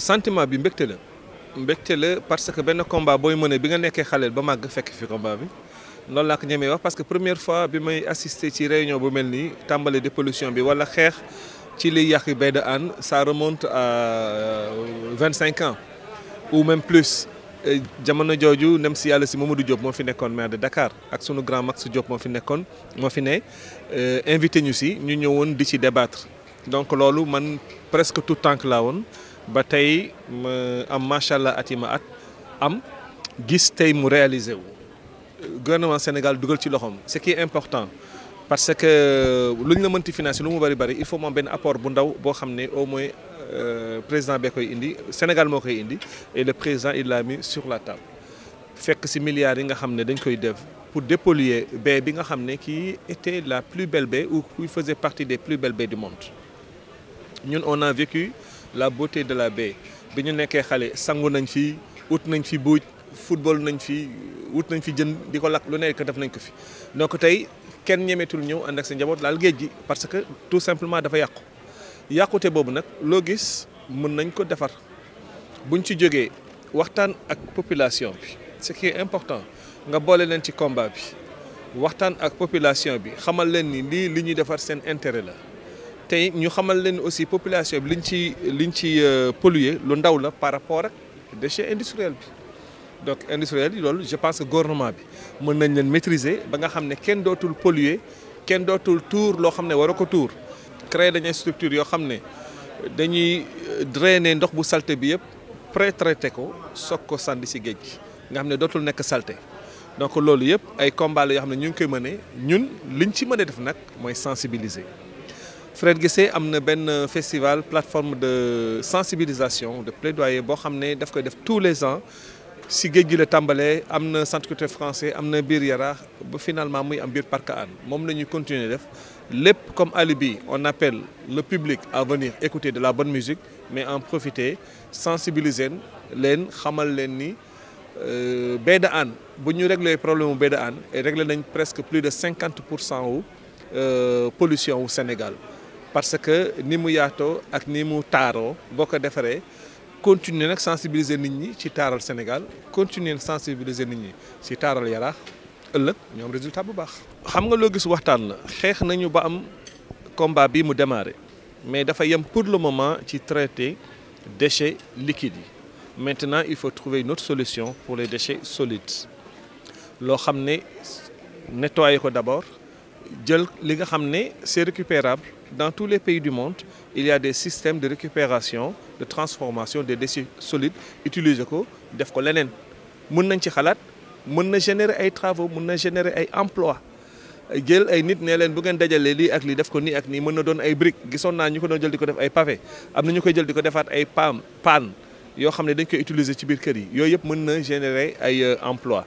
sentiment bi mbégte la mbégte la parce que ben combat boy mëne bi nga nekkee xalé ba mag fekk fi combat bi loolu la ko ñëmé wax parce que première fois bi may assister ci réunion bu melni tambalé de pollution bi wala xex ci li yakh bi de an ça remonte à 25 euh, ans ou même plus jamono joju nem si yàlla si Mamadou Diop mo fi nekkoon maire de Dakar ak sunu grand Max Diop mo fi nekkoon mo fi ne euh, invité ñu si ñu ñëwone di ci débattre donc lolu man presque tout temps que la woon ba tey ma am machallah allah at am gis tay mu réalisé wu. gouvernement Sénégal dugal ci loxom ce qui est important parce que euh, luñ la mënti financer lu mu bari bari il faut moom ben apport bu ndaw bo xamné au moins euh, président bee indi Sénégal moo koy indi et le président il l'a mis sur la table fekk ci milliards yi nga xamné dañ koy def pour dépolluer baie bi nga xamné qui était la plus belle baie ou qui faisait partie des plus belles baies du monde ñun on a vécu la beauté de la baie bi ñu nekkee xale sangu nañ fi ut nañ fi football nañ fi wut nañ fi jën di ko lu nekk nañ ko fi donc tey kenn ñemetul ñëw ànd sa njaboot laal géej parce que tout simplement dafa Ya yàqute boobu nag loo gis defar buñ ci waxtaan ak population bi ce qui est important nga boole leen ci combat bi waxtaan ak population bi xamal li ñuy defar sen intérêt tey ñu xamal leen aussi population bi liñ ci liñ ci euh, polluer lu ndaw la par rapport ak déchets industriels bi donc industriel yi loolu je pense que gouvernement bi mën nañ leen maîtriser ba nga xam ne kenn dootul polluer kenn dootul tour loo xam ne war ko créer dañuy structure yoo xam ne dañuy euh, drainer ndox bu salté bi yëpp pré-traité ko soog ko sànni si géej nga xam ne dootul nekk salté donc loolu yëpp ay combat la yoo xam ne ñu ngi koy mënee ñun liñ ci mën a def nag mooy sensibiliser Fred Gessé a ben un festival plateforme de sensibilisation de plaidoyer Il a fait daf def tous les ans si géej tambalé, la centre culturel français am na biir finalement il am biir Parc Hann nous nous ñuy continuer comme alibi on appelle le public à venir écouter de la bonne musique mais en profiter sensibiliser leen xamal leen ni euh, baie de Hann nous ñu régler problème mu baie de presque plus de 50% de euh, pollution au Sénégal parce que ni mu yaatoo ak ni mu taaroo boo ko continuer nak sensibiliser nit ñi ci taral Sénégal continuer sensibiliser nit ñi ci taral yaraax ëlëk ñom résultat bu baax. xam nga que gis waxtaan la xex nañu ba am combat bi mu mais dafa pour le moment ci traité déchets liquides maintenant il faut trouver une autre solution pour les déchets solides lo xamné nettoyer d'abord jël li nga xam ne c'est récupérable dans tous les pays du monde il y a des systèmes de récupération de transformation des déchets solides utiliser ko def ko leneen mën nañ ci xalaat mën na générer ay travaux mën na générer ay emplois jël ay nit ne leen bu ngeen dajalee lii ak lii def ko nii ak nii mën na doon ay briques gisoon naa ñu ko doon jël di ko def ay pavé am na ñu koy jël di ko defaat ay pam panne yoo xam ne dañ koy utiliser ci biir kër yi yooyu yëpp mën na générer ay euh, emplois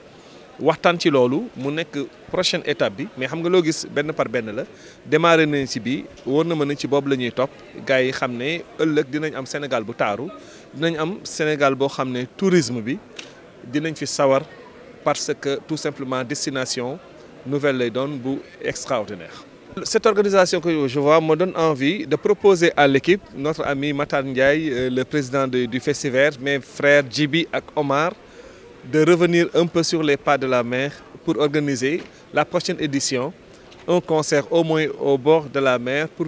waxtaan ci loolu mu nekk prochaine étape bi mais xam nga loo gis benn par benn la démarré nañ ci bi wóor na ma ne ci boobu la ñuy topp gars yi xam ne ëllëg dinañ am Sénégal bu taaru dinañ am Sénégal boo xam ne tourisme bi dinañ fi sawar parce que tout simplement destination nouvelle lay doon bu extraordinaire. Cette organisation que je vois me donne envie de proposer à l'équipe, notre ami Matar Ndiaye, euh, le président du, Festival, mes frères Djibi et Omar, de revenir un peu sur les pas de la mer pour organiser la prochaine édition, un concert au moins au bord de la mer pour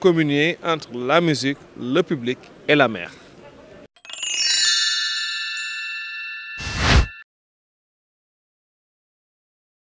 communier entre la musique, le public et la mer.